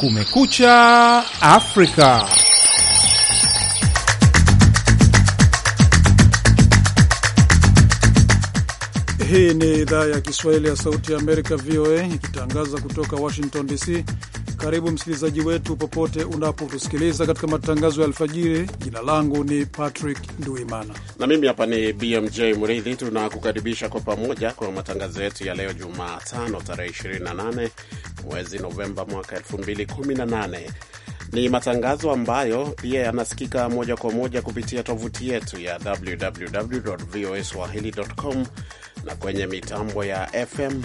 Kumekucha Afrika. Hii ni idhaa ya Kiswahili ya Sauti ya Amerika, VOA, ikitangaza kutoka Washington DC. Karibu msikilizaji wetu popote unapotusikiliza katika matangazo ya alfajiri. Jina langu ni Patrick Nduimana na mimi hapa ni BMJ Mridhi. Tunakukaribisha kwa pamoja kwa matangazo yetu ya leo Jumatano tarehe 28 mwezi Novemba mwaka 2018. Ni matangazo ambayo pia yanasikika moja kwa moja kupitia tovuti yetu ya www voa swahili.com na kwenye mitambo ya FM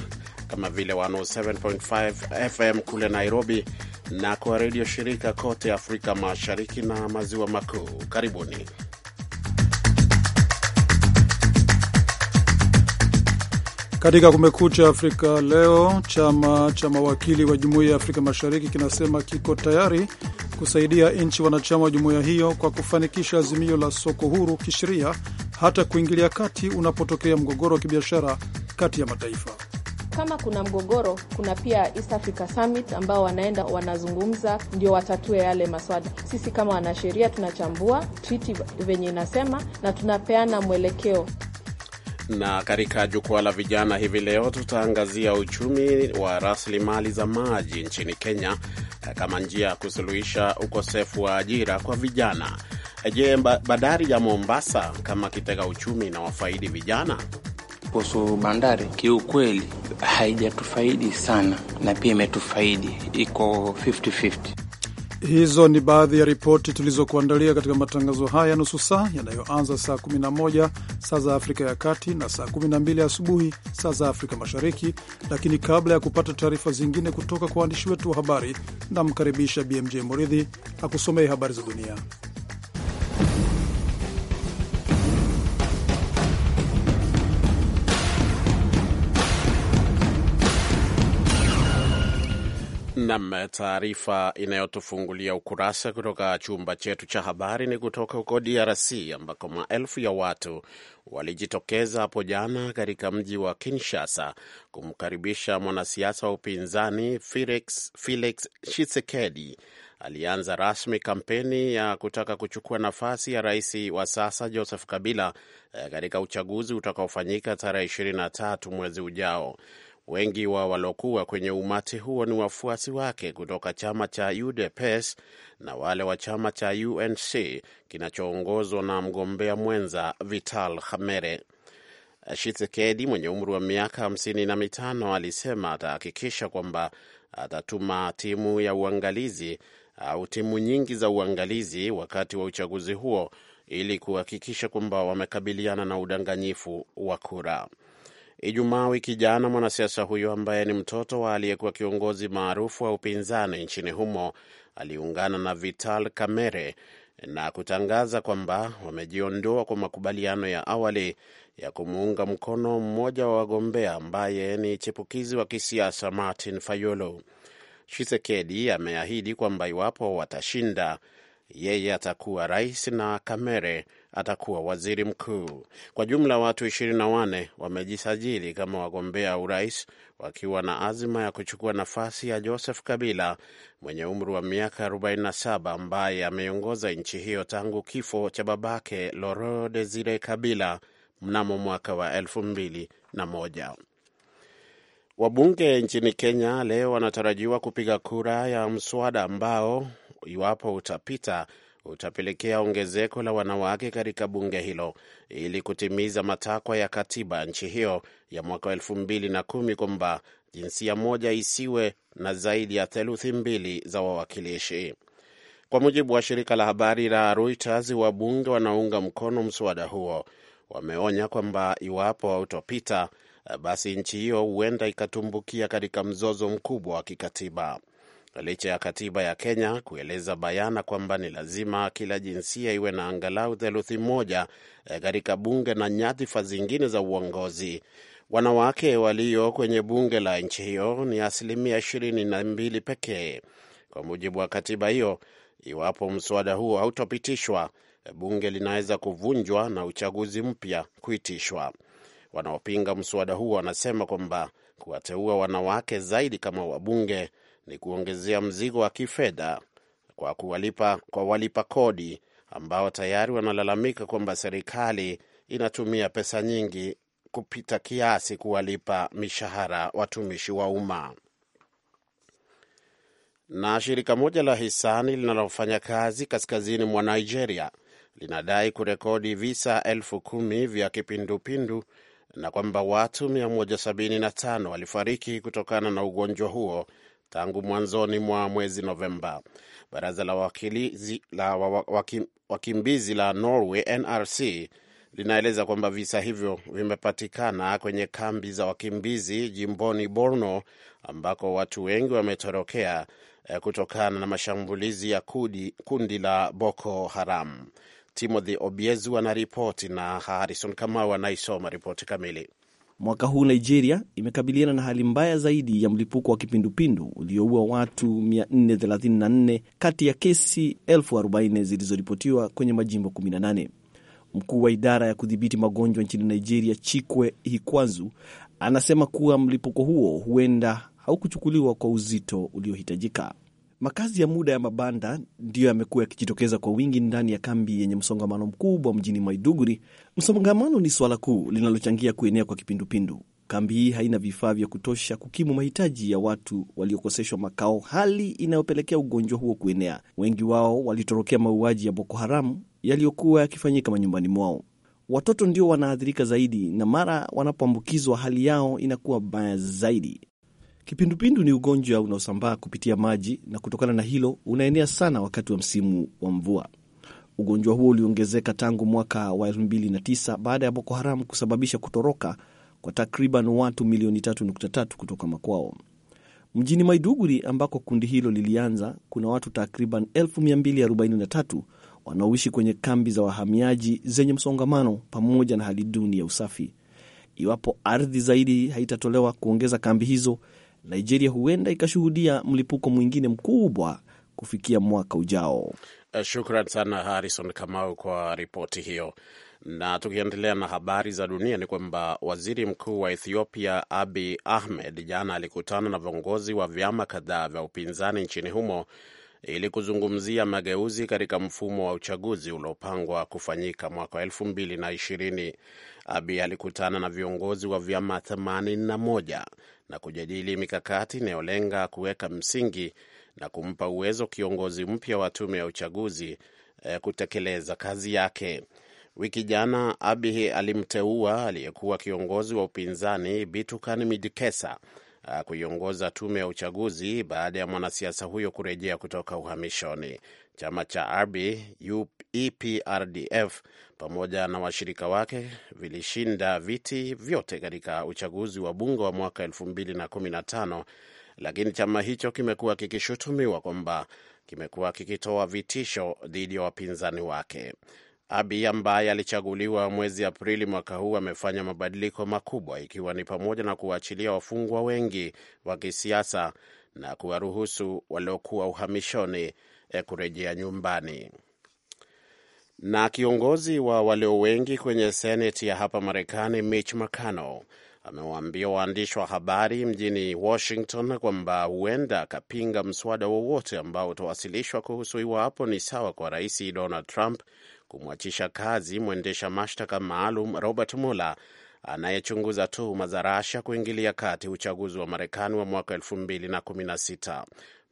kama vile 107.5 FM kule Nairobi na kwa redio shirika kote Afrika Mashariki na Maziwa Makuu. Karibuni. Katika Kumekucha Afrika leo, chama cha mawakili wa Jumuiya ya Afrika Mashariki kinasema kiko tayari kusaidia nchi wanachama wa jumuiya hiyo kwa kufanikisha azimio la soko huru kisheria, hata kuingilia kati unapotokea mgogoro wa kibiashara kati ya mataifa. Kama kuna mgogoro, kuna pia East Africa Summit ambao wanaenda wanazungumza, ndio watatue yale maswala. Sisi kama wanasheria tunachambua triti venye inasema na tunapeana mwelekeo na katika jukwaa la vijana hivi leo tutaangazia uchumi wa rasilimali za maji nchini Kenya kama njia ya kusuluhisha ukosefu wa ajira kwa vijana. Je, bandari ya Mombasa kama kitega uchumi na wafaidi vijana? Kuhusu bandari, kiukweli haijatufaidi sana, na pia imetufaidi, iko 50-50. Hizo ni baadhi ya ripoti tulizokuandalia katika matangazo haya nusu saa yanayoanza saa 11 saa za Afrika ya Kati na saa 12 asubuhi saa za Afrika Mashariki. Lakini kabla ya kupata taarifa zingine kutoka kwa waandishi wetu wa habari, namkaribisha BMJ Muridhi akusomee habari za dunia. Nam, taarifa inayotufungulia ukurasa kutoka chumba chetu cha habari ni kutoka huko DRC ambako maelfu ya watu walijitokeza hapo jana katika mji wa Kinshasa kumkaribisha mwanasiasa wa upinzani Felix, Felix Tshisekedi alianza rasmi kampeni ya kutaka kuchukua nafasi ya rais wa sasa Joseph Kabila eh, katika uchaguzi utakaofanyika tarehe 23 mwezi ujao. Wengi wa waliokuwa kwenye umati huo ni wafuasi wake kutoka chama cha UDPS na wale wa chama cha UNC kinachoongozwa na mgombea mwenza Vital Hamere. Shisekedi mwenye umri wa miaka hamsini na mitano alisema atahakikisha kwamba atatuma timu ya uangalizi au timu nyingi za uangalizi wakati wa uchaguzi huo ili kuhakikisha kwamba wamekabiliana na udanganyifu wa kura. Ijumaa wiki jana, mwanasiasa huyo ambaye ni mtoto wa aliyekuwa kiongozi maarufu wa upinzani nchini humo aliungana na Vital Kamerhe na kutangaza kwamba wamejiondoa kwa makubaliano ya awali ya kumuunga mkono mmoja wa wagombea ambaye ni chipukizi wa kisiasa Martin Fayolo. Tshisekedi ameahidi kwamba iwapo watashinda, yeye atakuwa rais na Kamere atakuwa waziri mkuu. Kwa jumla watu 24 wamejisajili kama wagombea urais wakiwa na azima ya kuchukua nafasi ya Joseph Kabila mwenye umri wa miaka 47 ambaye ameongoza nchi hiyo tangu kifo cha babake Loro Desire Kabila mnamo mwaka wa elfu mbili na moja. Wabunge nchini Kenya leo wanatarajiwa kupiga kura ya mswada ambao iwapo utapita utapelekea ongezeko la wanawake katika bunge hilo ili kutimiza matakwa ya katiba nchi hiyo ya mwaka wa elfu mbili na kumi kwamba jinsia moja isiwe na zaidi ya theluthi mbili za wawakilishi. Kwa mujibu wa shirika la habari la Reuters, wabunge wanaunga mkono mswada huo wameonya kwamba iwapo hautopita, basi nchi hiyo huenda ikatumbukia katika mzozo mkubwa wa kikatiba licha ya katiba ya Kenya kueleza bayana kwamba ni lazima kila jinsia iwe na angalau theluthi moja eh, katika bunge na nyadhifa zingine za uongozi. Wanawake walio kwenye bunge la nchi hiyo ni asilimia ishirini na mbili pekee, kwa mujibu wa katiba hiyo. Iwapo mswada huo hautopitishwa, eh, bunge linaweza kuvunjwa na uchaguzi mpya kuitishwa. Wanaopinga mswada huo wanasema kwamba kuwateua wanawake zaidi kama wabunge ni kuongezea mzigo wa kifedha kwa kuwalipa, kwa walipa kodi ambao tayari wanalalamika kwamba serikali inatumia pesa nyingi kupita kiasi kuwalipa mishahara watumishi wa umma. Na shirika moja la hisani linalofanya kazi kaskazini mwa Nigeria linadai kurekodi visa elfu kumi vya kipindupindu na kwamba watu 175 walifariki kutokana na ugonjwa huo tangu mwanzoni mwa mwezi Novemba. Baraza la wakimbizi la, wakim, wakimbizi la Norway NRC linaeleza kwamba visa hivyo vimepatikana kwenye kambi za wakimbizi jimboni Borno ambako watu wengi wametorokea eh, kutokana na mashambulizi ya kundi, kundi la Boko Haram. Timothy Obiezu anaripoti na Harrison Kamau anaisoma ripoti kamili. Mwaka huu Nigeria imekabiliana na hali mbaya zaidi ya mlipuko wa kipindupindu ulioua watu 434 kati ya kesi 40 zilizoripotiwa kwenye majimbo 18. Mkuu wa idara ya kudhibiti magonjwa nchini Nigeria, Chikwe Hikwazu, anasema kuwa mlipuko huo huenda haukuchukuliwa kwa uzito uliohitajika. Makazi ya muda ya mabanda ndiyo yamekuwa yakijitokeza kwa wingi ndani ya kambi yenye msongamano mkubwa mjini Maiduguri. Msongamano ni swala kuu linalochangia kuenea kwa kipindupindu. Kambi hii haina vifaa vya kutosha kukimu mahitaji ya watu waliokoseshwa makao, hali inayopelekea ugonjwa huo kuenea. Wengi wao walitorokea mauaji ya Boko Haram yaliyokuwa yakifanyika manyumbani mwao. Watoto ndio wanaathirika zaidi, na mara wanapoambukizwa hali yao inakuwa mbaya zaidi. Kipindupindu ni ugonjwa unaosambaa kupitia maji na kutokana na hilo unaenea sana wakati wa msimu wa mvua. Ugonjwa huo uliongezeka tangu mwaka wa 2009 baada ya Boko Haram kusababisha kutoroka kwa takriban watu milioni 3.3 kutoka makwao. Mjini Maiduguri ambako kundi hilo lilianza, kuna watu takriban 243 wanaoishi kwenye kambi za wahamiaji zenye msongamano pamoja na hali duni ya usafi. Iwapo ardhi zaidi haitatolewa kuongeza kambi hizo, Nigeria huenda ikashuhudia mlipuko mwingine mkubwa kufikia mwaka ujao. Eh, shukran sana Harrison Kamau kwa ripoti hiyo. Na tukiendelea na habari za dunia, ni kwamba waziri mkuu wa Ethiopia Abi Ahmed jana alikutana na viongozi wa vyama kadhaa vya upinzani nchini humo ili kuzungumzia mageuzi katika mfumo wa uchaguzi uliopangwa kufanyika mwaka elfu mbili na ishirini Abiy alikutana na viongozi wa vyama themanini na, na kujadili mikakati inayolenga kuweka msingi na kumpa uwezo kiongozi mpya wa tume ya uchaguzi eh, kutekeleza kazi yake. Wiki jana Abiy alimteua aliyekuwa kiongozi wa upinzani Bitukan Mideksa Uh, kuiongoza tume ya uchaguzi baada ya mwanasiasa huyo kurejea kutoka uhamishoni. Chama cha Arbi EPRDF pamoja na washirika wake vilishinda viti vyote katika uchaguzi wa bunge wa mwaka 2015 lakini chama hicho kimekuwa kikishutumiwa kwamba kimekuwa kikitoa vitisho dhidi ya wapinzani wake. Abi ambaye alichaguliwa mwezi Aprili mwaka huu amefanya mabadiliko makubwa, ikiwa ni pamoja na kuwaachilia wafungwa wengi wa kisiasa na kuwaruhusu waliokuwa uhamishoni eh, kurejea nyumbani. Na kiongozi wa walio wengi kwenye seneti ya hapa Marekani Mitch McConnell amewaambia waandishi wa habari mjini Washington kwamba huenda akapinga mswada wowote ambao utawasilishwa kuhusu iwapo ni sawa kwa rais Donald Trump kumwachisha kazi mwendesha mashtaka maalum Robert Mueller anayechunguza tuhuma za Russia kuingilia kati uchaguzi wa Marekani wa mwaka 2016.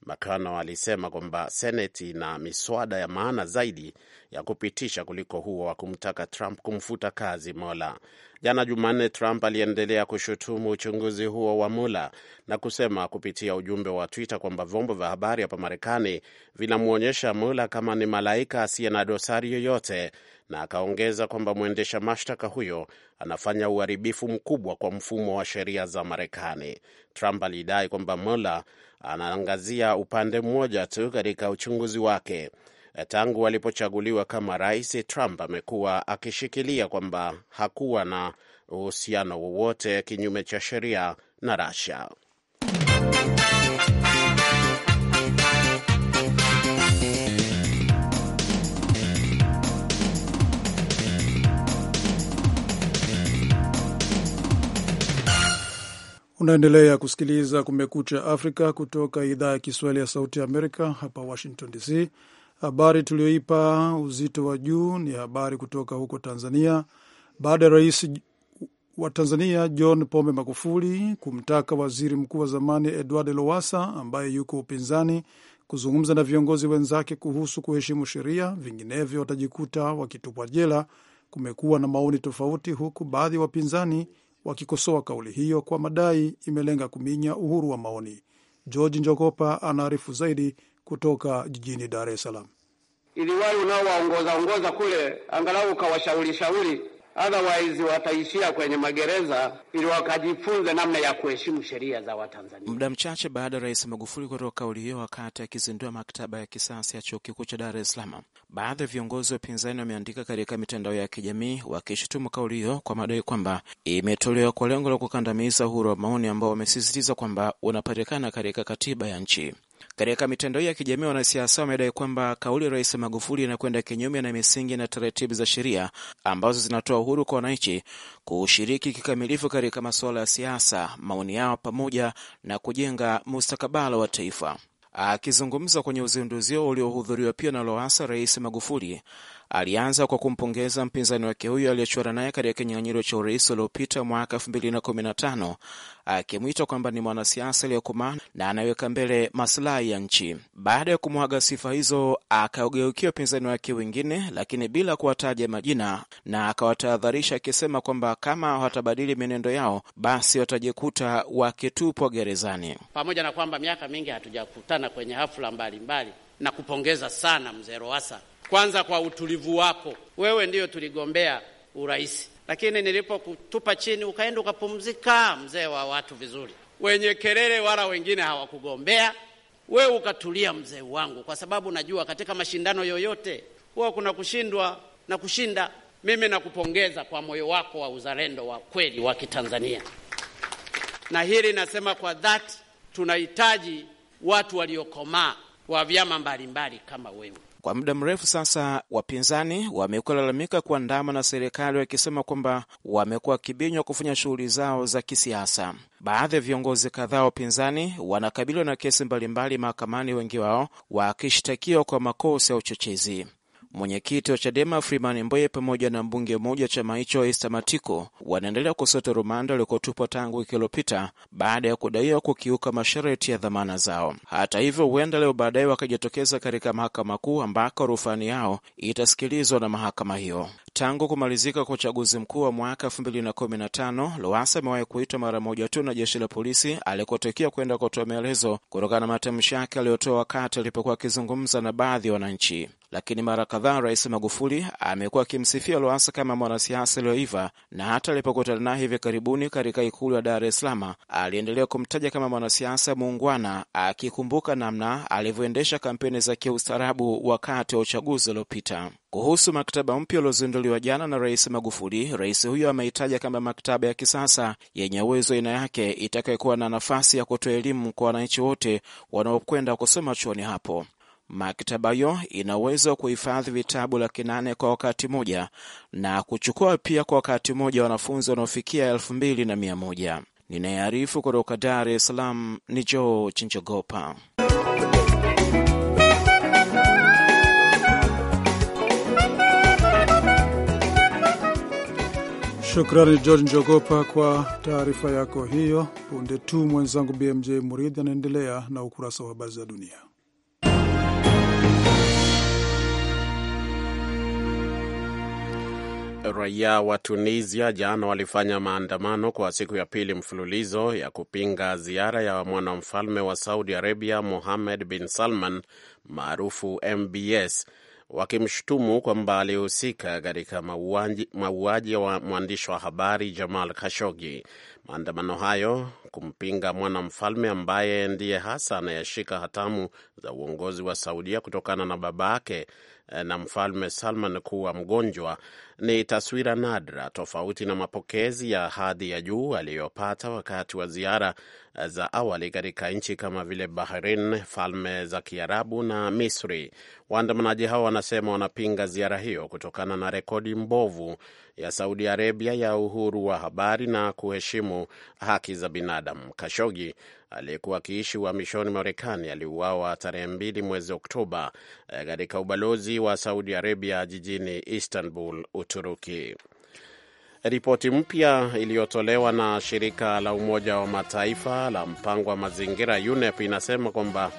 Makano alisema kwamba Seneti ina miswada ya maana zaidi ya kupitisha kuliko huo wa kumtaka Trump kumfuta kazi Mola. Jana Jumanne, Trump aliendelea kushutumu uchunguzi huo wa Mula na kusema kupitia ujumbe wa Twitter kwamba vyombo vya habari hapa Marekani vinamwonyesha Mula kama ni malaika asiye na dosari yoyote na akaongeza kwamba mwendesha mashtaka huyo anafanya uharibifu mkubwa kwa mfumo wa sheria za Marekani. Trump alidai kwamba Mueller anaangazia upande mmoja tu katika uchunguzi wake. Tangu alipochaguliwa kama rais, Trump amekuwa akishikilia kwamba hakuwa na uhusiano wowote kinyume cha sheria na Russia. Unaendelea kusikiliza Kumekucha Afrika kutoka idhaa ya Kiswahili ya Sauti ya Amerika hapa Washington DC. Habari tuliyoipa uzito wa juu ni habari kutoka huko Tanzania, baada ya rais wa Tanzania John Pombe Magufuli kumtaka waziri mkuu wa zamani Edward lowasa ambaye yuko upinzani kuzungumza na viongozi wenzake kuhusu kuheshimu sheria, vinginevyo watajikuta wakitupwa jela. Kumekuwa na maoni tofauti, huku baadhi ya wapinzani wakikosoa kauli hiyo kwa madai imelenga kuminya uhuru wa maoni. George Njogopa anaarifu zaidi kutoka jijini Dar es Salaam. Ili wale kule, angalau ukawashaurishauri otherwise wataishia kwenye magereza ili wakajifunze namna ya kuheshimu sheria za Watanzania. Muda mchache baada ya Rais Magufuli kutoa kauli hiyo wakati akizindua maktaba ya kisasa ya chuo kikuu cha Dar es Salaam, baadhi ya viongozi wa upinzani wameandika katika mitandao ya kijamii wakishutumu kauli hiyo kwa madai kwamba imetolewa kwa lengo la kukandamiza uhuru wa maoni ambao wamesisitiza kwamba unapatikana katika katiba ya nchi. Katika mitandao ya kijamii, wanasiasa wamedai kwamba kauli ya Rais Magufuli inakwenda kinyume na misingi na taratibu za sheria ambazo zinatoa uhuru kwa wananchi kushiriki kikamilifu katika masuala ya siasa, maoni yao, pamoja na kujenga mustakabala wa taifa. Akizungumza kwenye uzinduzi uliohudhuriwa pia na loasa Rais Magufuli alianza kwa kumpongeza mpinzani wake huyo aliyechuana naye katika kinyang'anyiro cha urais uliopita mwaka 2015 akimwita kwamba ni mwanasiasa aliyekomaa na anaweka mbele masilahi ya nchi. Baada ya kumwaga sifa hizo, akageukia upinzani wake wengine, lakini bila kuwataja majina, na akawatahadharisha akisema kwamba kama hawatabadili mienendo yao, basi watajikuta wakitupwa gerezani. Pamoja na kwamba miaka mingi hatujakutana kwenye hafla mbalimbali na kupongeza sana mzee Roasa kwanza kwa utulivu wako. Wewe ndiyo tuligombea urais, lakini nilipokutupa chini ukaenda ukapumzika, mzee wa watu vizuri, wenye kelele wala wengine hawakugombea, wewe ukatulia, mzee wangu, kwa sababu najua katika mashindano yoyote huwa kuna kushindwa na kushinda. Mimi nakupongeza kwa moyo wako wa uzalendo wa kweli wa Kitanzania, na hili nasema kwa dhati, tunahitaji watu waliokomaa wa vyama mbalimbali kama wewe. Kwa muda mrefu sasa, wapinzani wamekuwa lalamika kuandama na serikali, wakisema kwamba wamekuwa kibinywa kufanya shughuli zao za kisiasa. Baadhi ya viongozi kadhaa wapinzani wanakabiliwa na kesi mbalimbali mahakamani, wengi wao wakishtakiwa kwa makosa ya uchochezi. Mwenyekiti wa Chadema Freeman Mboye pamoja na mbunge mmoja wa chama hicho Esther Matiko wanaendelea kusota rumande waliokotupwa tangu wiki iliyopita baada ya kudaiwa kukiuka masharti ya dhamana zao. Hata hivyo, huenda leo baadaye wakajitokeza katika mahakama kuu ambako rufani yao itasikilizwa na mahakama hiyo. Tangu kumalizika kwa uchaguzi mkuu wa mwaka 2015 Lowassa amewahi kuitwa mara moja tu na jeshi la polisi alikotokea kwenda kutoa maelezo kutokana na matamshi yake aliyotoa wakati alipokuwa akizungumza na baadhi ya wananchi. Lakini mara kadhaa Rais Magufuli amekuwa akimsifia Lowassa kama mwanasiasa aliyoiva, na hata alipokutana naye hivi karibuni katika ikulu ya Dar es Salaam aliendelea kumtaja kama mwanasiasa muungwana, akikumbuka namna alivyoendesha kampeni za kiustaarabu wakati wa uchaguzi uliopita. Kuhusu maktaba mpya uliozinduliwa uliotolewa jana na Rais Magufuli, rais huyo ameitaja kama maktaba ya kisasa yenye uwezo aina yake itakayokuwa na nafasi ya kutoa elimu kwa wananchi wote wanaokwenda kusoma chuoni hapo. Maktaba hiyo ina uwezo wa kuhifadhi vitabu laki nane kwa wakati mmoja na kuchukua pia kwa wakati mmoja wanafunzi wanaofikia elfu mbili na mia moja. Ninayearifu kutoka Dar es Salaam ni Joe Chinjogopa. Shukrani George Njogopa kwa taarifa yako hiyo. Punde tu mwenzangu BMJ Muridhi anaendelea na ukurasa wa habari za dunia. Raia wa Tunisia jana walifanya maandamano kwa siku ya pili mfululizo ya kupinga ziara ya mwanamfalme wa Saudi Arabia Mohammed bin Salman maarufu MBS wakimshutumu kwamba alihusika katika mauaji ya mwandishi wa habari Jamal Khashoggi. Maandamano hayo kumpinga mwana mfalme ambaye ndiye hasa anayeshika hatamu za uongozi wa Saudia kutokana na baba yake Eh, na Mfalme Salman kuwa mgonjwa ni taswira nadra, tofauti na mapokezi ya hadhi ya juu aliyopata wakati wa ziara eh, za awali katika nchi kama vile Bahrain, Falme za Kiarabu na Misri. Waandamanaji hao wanasema wanapinga ziara hiyo kutokana na rekodi mbovu ya Saudi Arabia ya uhuru wa habari na kuheshimu haki za binadamu. Kashogi aliyekuwa akiishi uhamishoni Marekani aliuawa tarehe mbili mwezi Oktoba eh, katika ubalozi wa Saudi Arabia jijini Istanbul, Uturuki. Ripoti mpya iliyotolewa na shirika la Umoja wa Mataifa la mpango wa mazingira UNEP inasema kwamba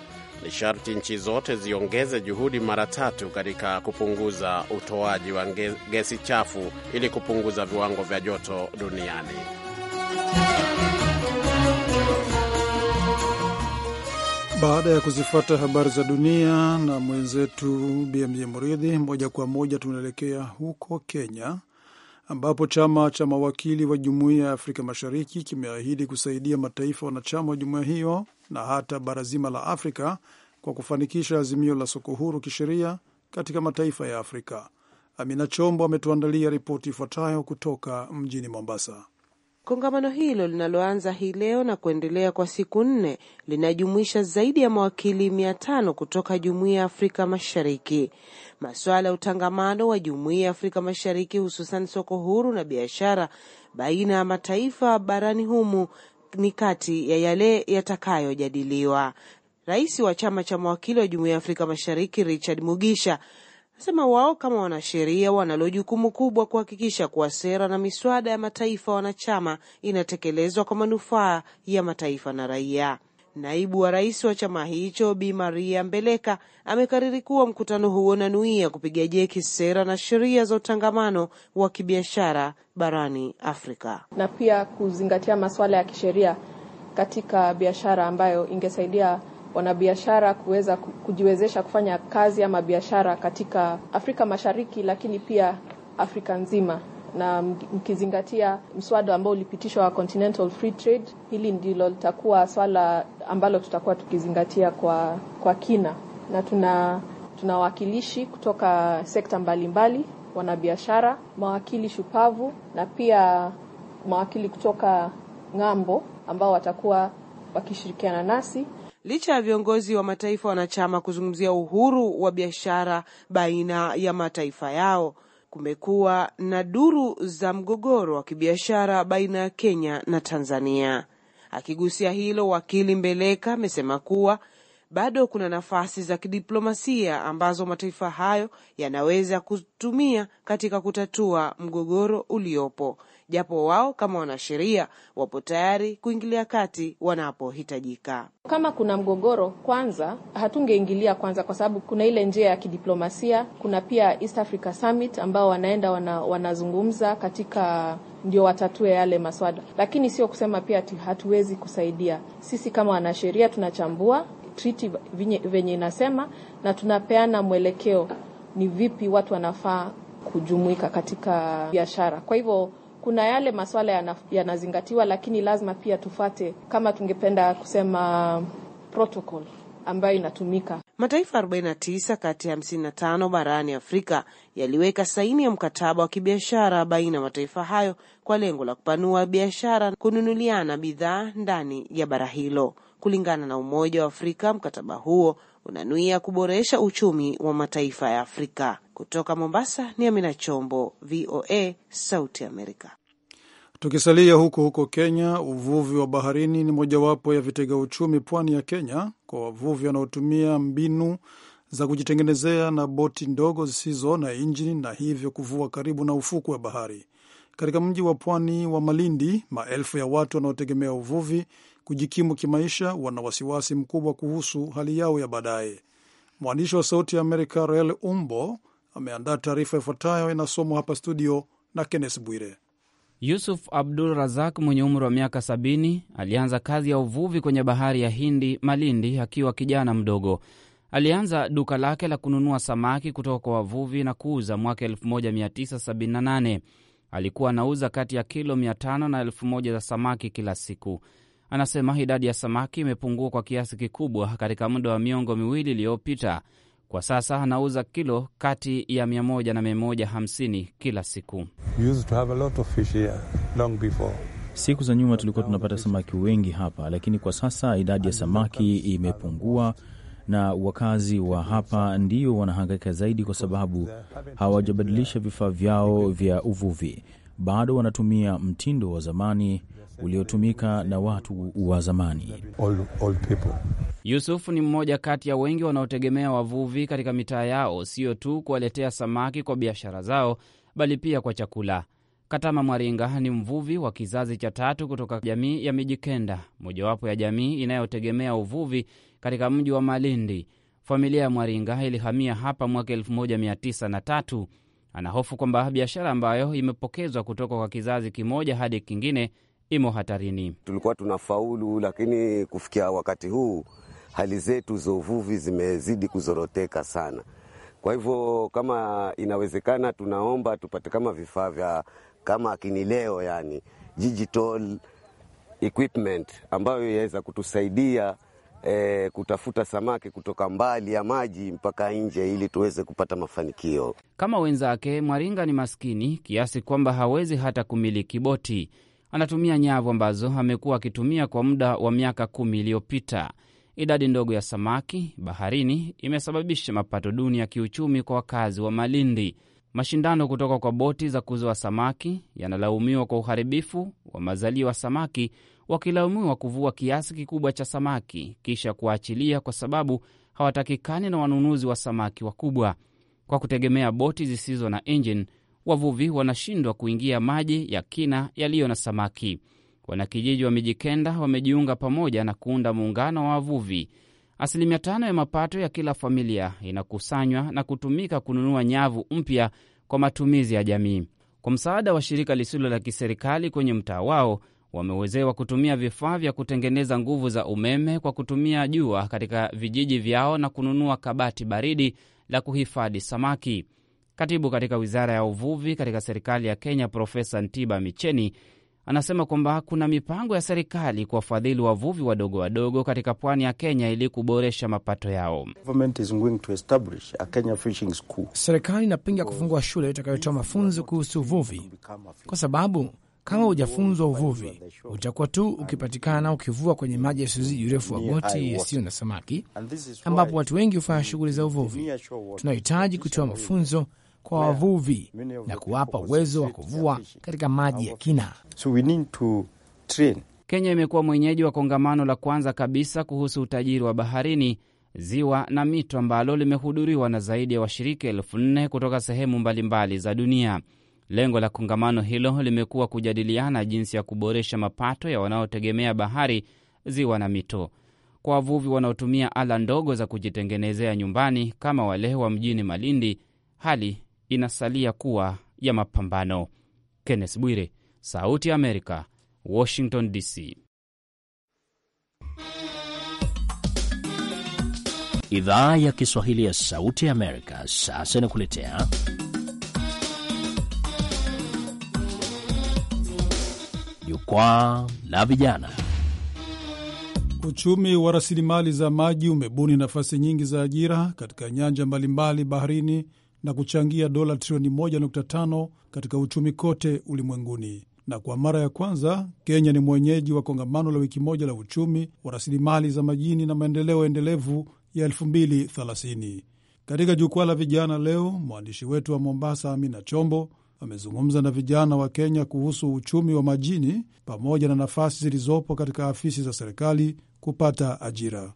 ni sharti nchi zote ziongeze juhudi mara tatu katika kupunguza utoaji wa gesi chafu ili kupunguza viwango vya joto duniani. Baada ya kuzifuata habari za dunia na mwenzetu BMJ Muridhi, moja kwa moja tunaelekea huko Kenya ambapo chama cha mawakili wa jumuiya ya Afrika Mashariki kimeahidi kusaidia mataifa wanachama wa jumuiya hiyo na hata bara zima la Afrika kwa kufanikisha azimio la soko huru kisheria katika mataifa ya Afrika. Amina Chombo ametuandalia ripoti ifuatayo kutoka mjini Mombasa. Kongamano hilo linaloanza hii leo na kuendelea kwa siku nne linajumuisha zaidi ya mawakili mia tano kutoka Jumuiya ya Afrika Mashariki. Masuala ya utangamano wa Jumuiya ya Afrika Mashariki, hususan soko huru na biashara baina ya mataifa barani humu ni kati ya yale yatakayojadiliwa. Rais wa chama cha mawakili wa Jumuiya ya Afrika Mashariki Richard Mugisha Sema wao kama wanasheria wanalo jukumu kubwa kuhakikisha kuwa sera na miswada ya mataifa wanachama inatekelezwa kwa manufaa ya mataifa na raia. Naibu wa rais wa chama hicho Bi Maria Mbeleka amekariri kuwa mkutano huo unanuia kupiga jeki sera na sheria za utangamano wa kibiashara barani Afrika na pia kuzingatia masuala ya kisheria katika biashara ambayo ingesaidia wanabiashara kuweza kujiwezesha kufanya kazi ama biashara katika Afrika Mashariki, lakini pia Afrika nzima na mkizingatia mswada ambao ulipitishwa wa Continental Free Trade, hili ndilo litakuwa swala ambalo tutakuwa tukizingatia kwa, kwa kina, na tuna tuna wawakilishi kutoka sekta mbalimbali, wanabiashara, mawakili shupavu na pia mawakili kutoka ng'ambo ambao watakuwa wakishirikiana nasi licha ya viongozi wa mataifa wanachama kuzungumzia uhuru wa biashara baina ya mataifa yao, kumekuwa na duru za mgogoro wa kibiashara baina ya Kenya na Tanzania. Akigusia hilo, wakili Mbeleka amesema kuwa bado kuna nafasi za kidiplomasia ambazo mataifa hayo yanaweza kutumia katika kutatua mgogoro uliopo japo wao kama wanasheria wapo tayari kuingilia kati wanapohitajika. Kama kuna mgogoro, kwanza hatungeingilia kwanza, kwa sababu kuna ile njia ya kidiplomasia. Kuna pia East Africa Summit ambao wanaenda wana, wanazungumza katika ndio watatue yale maswada, lakini sio kusema pia ati hatuwezi kusaidia. Sisi kama wanasheria tunachambua treaty venye inasema na tunapeana mwelekeo, ni vipi watu wanafaa kujumuika katika biashara. Kwa hivyo kuna yale masuala yanazingatiwa, lakini lazima pia tufate, kama tungependa kusema protocol ambayo inatumika. Mataifa 49 kati ya 55 barani Afrika yaliweka saini ya mkataba wa kibiashara baina ya mataifa hayo kwa lengo la kupanua biashara, kununuliana bidhaa ndani ya bara hilo. Kulingana na Umoja wa Afrika, mkataba huo unanuia kuboresha uchumi wa mataifa ya Afrika. Kutoka Mombasa ni Amina Chombo, VOA Sauti Amerika. Tukisalia huko huko Kenya, uvuvi wa baharini ni mojawapo ya vitega uchumi pwani ya Kenya kwa wavuvi wanaotumia mbinu za kujitengenezea na boti ndogo zisizo na injini na hivyo kuvua karibu na ufukwe wa bahari. Katika mji wa pwani wa Malindi, maelfu ya watu wanaotegemea uvuvi kujikimu kimaisha wana wasiwasi mkubwa kuhusu hali yao ya baadaye. Mwandishi wa Sauti ya Amerika Rel Umbo ameandaa taarifa ifuatayo, inasomwa hapa studio na Kennes Bwire. Yusuf Abdul Razak mwenye umri wa miaka 70 alianza kazi ya uvuvi kwenye bahari ya Hindi, Malindi, akiwa kijana mdogo. Alianza duka lake la kununua samaki kutoka kwa wavuvi na kuuza mwaka 1978. Alikuwa anauza kati ya kilo 500 na 1000 za samaki kila siku anasema idadi ya samaki imepungua kwa kiasi kikubwa katika muda wa miongo miwili iliyopita. Kwa sasa anauza kilo kati ya 100 na 150 kila siku. Siku za nyuma tulikuwa tunapata samaki wengi hapa, lakini kwa sasa idadi ya samaki imepungua na wakazi wa hapa ndio wanahangaika zaidi, kwa sababu hawajabadilisha vifaa vyao vya uvuvi. Bado wanatumia mtindo wa zamani uliotumika na watu wa zamani. Yusuf ni mmoja kati ya wengi wanaotegemea wavuvi katika mitaa yao, sio tu kuwaletea samaki kwa biashara zao, bali pia kwa chakula. Katama Mwaringa ni mvuvi wa kizazi cha tatu kutoka jamii ya Mijikenda, mojawapo ya jamii inayotegemea uvuvi katika mji wa Malindi. Familia ya Mwaringa ilihamia hapa mwaka 1903. Anahofu kwamba biashara ambayo imepokezwa kutoka kwa kizazi kimoja hadi kingine imo hatarini. Tulikuwa tunafaulu, lakini kufikia wakati huu hali zetu za uvuvi zimezidi kuzoroteka sana. Kwa hivyo kama inawezekana, tunaomba tupate kama vifaa vya kama leo yani digital equipment ambayo yaweza kutusaidia E, kutafuta samaki kutoka mbali ya maji mpaka nje ili tuweze kupata mafanikio. Kama wenzake, Mwaringa ni maskini kiasi kwamba hawezi hata kumiliki boti anatumia nyavu ambazo amekuwa akitumia kwa muda wa miaka kumi iliyopita. Idadi ndogo ya samaki baharini imesababisha mapato duni ya kiuchumi kwa wakazi wa Malindi. Mashindano kutoka kwa boti za kuzoa samaki yanalaumiwa kwa uharibifu wa mazalia wa samaki, wakilaumiwa kuvua kiasi kikubwa cha samaki kisha kuachilia kwa sababu hawatakikani na wanunuzi wa samaki wakubwa. Kwa kutegemea boti zisizo na injini, wavuvi wanashindwa kuingia maji ya kina yaliyo na samaki. Wanakijiji wa Mijikenda wamejiunga pamoja na kuunda muungano wa wavuvi. Asilimia tano ya mapato ya kila familia inakusanywa na kutumika kununua nyavu mpya kwa matumizi ya jamii. Kwa msaada wa shirika lisilo la kiserikali kwenye mtaa wao, wamewezewa kutumia vifaa vya kutengeneza nguvu za umeme kwa kutumia jua katika vijiji vyao na kununua kabati baridi la kuhifadhi samaki. Katibu katika wizara ya uvuvi katika serikali ya Kenya, Profesa Ntiba Micheni anasema kwamba kuna mipango ya serikali kuwafadhili wavuvi wadogo wadogo katika pwani ya Kenya ili kuboresha mapato yao. Serikali inapinga kufungua shule itakayotoa mafunzo kuhusu uvuvi, kwa sababu kama hujafunzwa uvuvi utakuwa tu ukipatikana ukivua kwenye maji yasiozidi urefu wa boti yasiyo na samaki, ambapo watu wengi hufanya shughuli za uvuvi. Tunahitaji kutoa mafunzo kwa wavuvi na kuwapa uwezo wa kuvua katika maji ya kina. So we need to train. Kenya imekuwa mwenyeji wa kongamano la kwanza kabisa kuhusu utajiri wa baharini, ziwa na mito ambalo limehudhuriwa na zaidi ya washiriki elfu nne kutoka sehemu mbalimbali za dunia. Lengo la kongamano hilo limekuwa kujadiliana jinsi ya kuboresha mapato ya wanaotegemea bahari, ziwa na mito kwa wavuvi wanaotumia ala ndogo za kujitengenezea nyumbani kama wale wa mjini Malindi, hali inasalia kuwa ya mapambano. Kenneth Bwire, Sauti ya Amerika, Washington DC. Idhaa ya Kiswahili ya Sauti ya Amerika sasa inakuletea Jukwaa la Vijana. Uchumi wa rasilimali za maji umebuni nafasi nyingi za ajira katika nyanja mbalimbali baharini, na kuchangia dola trilioni 1.5 katika uchumi kote ulimwenguni. Na kwa mara ya kwanza Kenya ni mwenyeji wa kongamano la wiki moja la uchumi wa rasilimali za majini na maendeleo endelevu ya 2030. Katika jukwaa la vijana leo, mwandishi wetu wa Mombasa, Amina Chombo, amezungumza na vijana wa Kenya kuhusu uchumi wa majini pamoja na nafasi zilizopo katika afisi za serikali kupata ajira.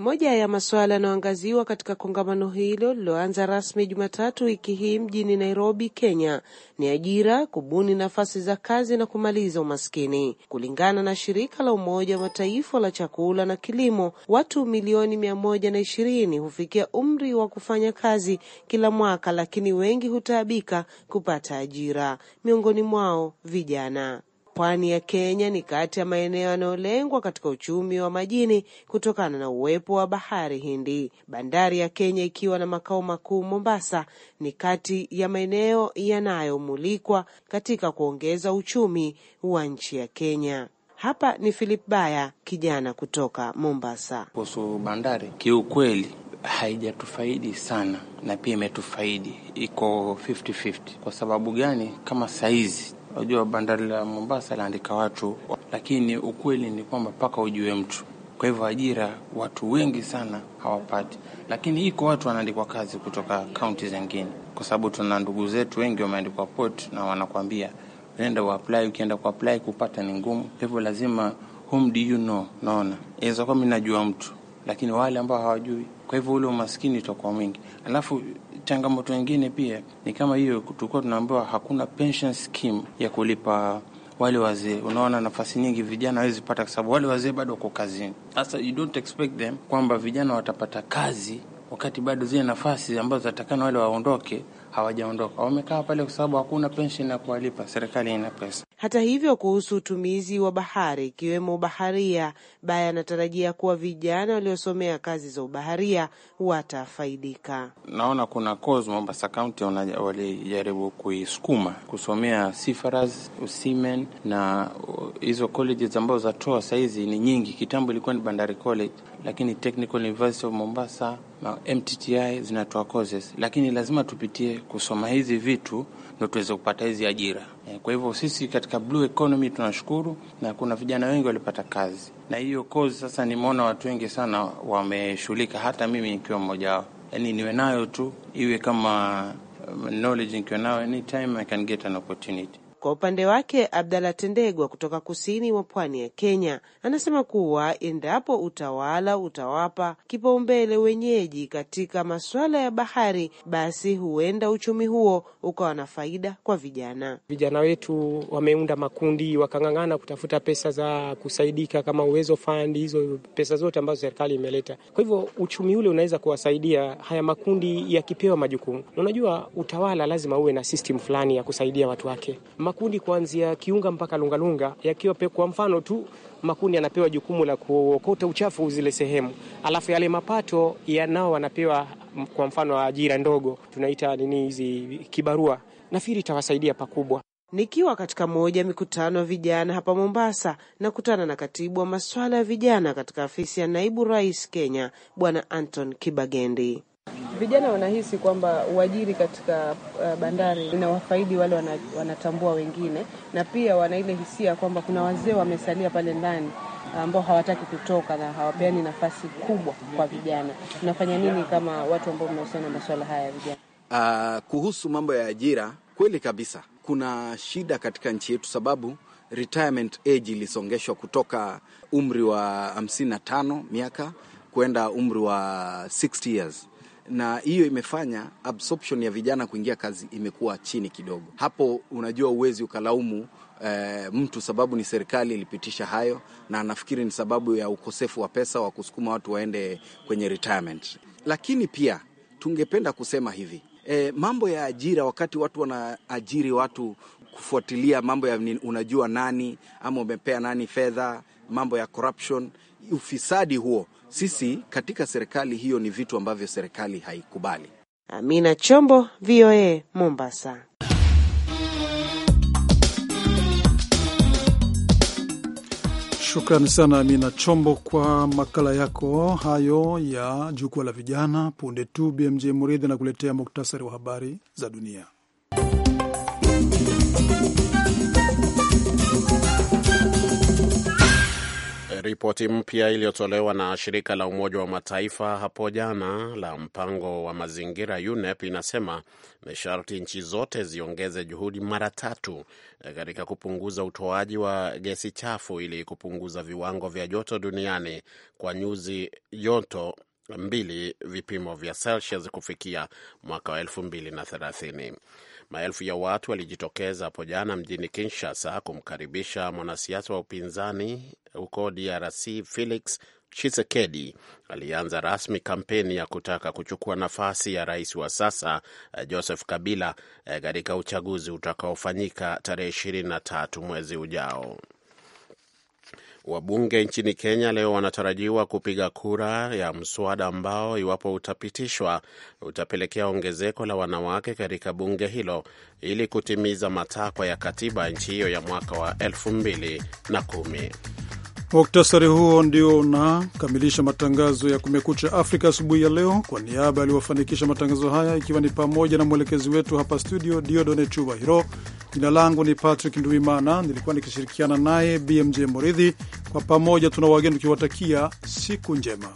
Moja ya masuala yanayoangaziwa katika kongamano hilo lililoanza rasmi Jumatatu wiki hii mjini Nairobi, Kenya, ni ajira, kubuni nafasi za kazi na kumaliza umaskini. Kulingana na shirika la Umoja wa Mataifa la chakula na kilimo, watu milioni mia moja na ishirini hufikia umri wa kufanya kazi kila mwaka, lakini wengi hutaabika kupata ajira, miongoni mwao vijana. Pwani ya Kenya ni kati ya maeneo yanayolengwa katika uchumi wa majini kutokana na uwepo wa bahari Hindi. Bandari ya Kenya ikiwa na makao makuu Mombasa, ni kati ya maeneo yanayomulikwa katika kuongeza uchumi wa nchi ya Kenya. Hapa ni Philip Baya, kijana kutoka Mombasa. Kuhusu bandari, kiukweli haijatufaidi sana na pia imetufaidi, iko 50-50. Kwa sababu gani? Kama saizi Unajua, bandari la Mombasa laandika watu, lakini ukweli ni kwamba mpaka ujue mtu. Kwa hivyo ajira watu wengi sana hawapati, lakini iko watu wanaandikwa kazi kutoka kaunti zingine, kwa sababu tuna ndugu zetu wengi wameandikwa port na wanakwambia nenda uapply, ukienda kuapply kupata ni ngumu. Kwa hivyo lazima whom do you know, naona inaweza kuwa mi najua mtu, lakini wale ambao hawajui, kwa hivyo ule umaskini utakuwa mwingi, alafu Changamoto nyingine pia ni kama hiyo, tulikuwa tunaambiwa hakuna pension scheme ya kulipa wale wazee. Unaona, nafasi nyingi vijana hawezi pata, kwa sababu wale wazee bado wako kazini. Sasa you don't expect them kwamba vijana watapata kazi wakati bado zile nafasi ambazo zatakana wale waondoke hawajaondoka, wamekaa pale kwa sababu hakuna pensheni ya kuwalipa, serikali ina pesa. Hata hivyo, kuhusu utumizi wa bahari ikiwemo ubaharia, Baya anatarajia kuwa vijana waliosomea kazi za ubaharia watafaidika. Naona kuna kozi Mombasa Kaunti walijaribu kuisukuma kusomea seafarers, useamen na hizo colleges ambazo zatoa sahizi ni nyingi. Kitambo ilikuwa ni Bandari College, lakini Technical University of Mombasa MTTI zinatoa courses, lakini lazima tupitie kusoma hizi vitu ndio tuweze kupata hizi ajira. Eh, kwa hivyo sisi katika blue economy tunashukuru, na kuna vijana wengi walipata kazi na hiyo course. Sasa nimeona watu wengi sana wameshughulika, hata mimi nikiwa mmoja wao. yaani niwe nayo tu iwe kama um, knowledge, nikiwa nayo anytime I can get an opportunity. Kwa upande wake Abdalla Tendegwa kutoka kusini mwa pwani ya Kenya anasema kuwa endapo utawala utawapa kipaumbele wenyeji katika masuala ya bahari, basi huenda uchumi huo ukawa na faida kwa vijana. Vijana wetu wameunda makundi, wakang'ang'ana kutafuta pesa za kusaidika kama Uwezo Fund, hizo pesa zote ambazo serikali imeleta. Kwa hivyo uchumi ule unaweza kuwasaidia haya makundi yakipewa majukumu. Unajua utawala lazima uwe na system fulani ya kusaidia watu wake makundi kuanzia Kiunga mpaka Lungalunga, yakiwa kwa mfano tu makundi yanapewa jukumu la kuokota uchafu zile sehemu, alafu yale mapato yanao wanapewa kwa mfano ajira ndogo, tunaita nini hizi kibarua. Nafikiri itawasaidia pakubwa. Nikiwa katika moja mikutano ya vijana hapa Mombasa, nakutana na katibu wa masuala ya vijana katika afisi ya naibu rais Kenya, Bwana Anton Kibagendi. Vijana wanahisi kwamba uajiri katika eh, bandari inawafaidi wale wanatambua wengine, na pia wana ile hisia kwamba kuna wazee wamesalia pale ndani ambao hawataki kutoka na hawapeani nafasi kubwa kwa vijana. unafanya nini kama watu ambao mnahusiana na masuala haya ya vijana? Uh, kuhusu mambo ya ajira, kweli kabisa kuna shida katika nchi yetu, sababu retirement age ilisongeshwa kutoka umri wa 55 miaka kwenda umri wa 60 years na hiyo imefanya absorption ya vijana kuingia kazi imekuwa chini kidogo. Hapo unajua uwezi ukalaumu e, mtu sababu ni serikali ilipitisha hayo, na nafikiri ni sababu ya ukosefu wa pesa wa kusukuma watu waende kwenye retirement. Lakini pia tungependa kusema hivi e, mambo ya ajira, wakati watu wanaajiri watu kufuatilia mambo ya unajua nani ama umepea nani fedha, mambo ya corruption, ufisadi huo sisi katika serikali hiyo ni vitu ambavyo serikali haikubali. Amina Chombo, VOA Mombasa. Shukrani sana Amina Chombo kwa makala yako hayo ya jukwaa la vijana. Punde tu BMJ Muridhi kuletea muktasari wa habari za dunia. Ripoti mpya iliyotolewa na shirika la Umoja wa Mataifa hapo jana la mpango wa mazingira UNEP inasema ni sharti nchi zote ziongeze juhudi mara tatu e, katika kupunguza utoaji wa gesi chafu ili kupunguza viwango vya joto duniani kwa nyuzi joto mbili vipimo vya Celsius kufikia mwaka wa elfu mbili na thelathini. Maelfu ya watu walijitokeza hapo jana mjini Kinshasa kumkaribisha mwanasiasa wa upinzani huko DRC Felix Tshisekedi alianza rasmi kampeni ya kutaka kuchukua nafasi ya rais wa sasa eh, Joseph Kabila eh, katika uchaguzi utakaofanyika tarehe 23 mwezi ujao. Wabunge nchini Kenya leo wanatarajiwa kupiga kura ya mswada ambao, iwapo utapitishwa, utapelekea ongezeko la wanawake katika bunge hilo ili kutimiza matakwa ya katiba nchi hiyo ya mwaka wa elfu mbili na kumi. Muktasari huo ndio unakamilisha matangazo ya Kumekucha Afrika asubuhi ya leo. Kwa niaba yaliyofanikisha matangazo haya, ikiwa ni pamoja na mwelekezi wetu hapa studio Diodone Chuba Hiro, jina langu ni Patrick Nduimana, nilikuwa nikishirikiana naye BMJ Moridhi. Kwa pamoja tuna wageni tukiwatakia siku njema.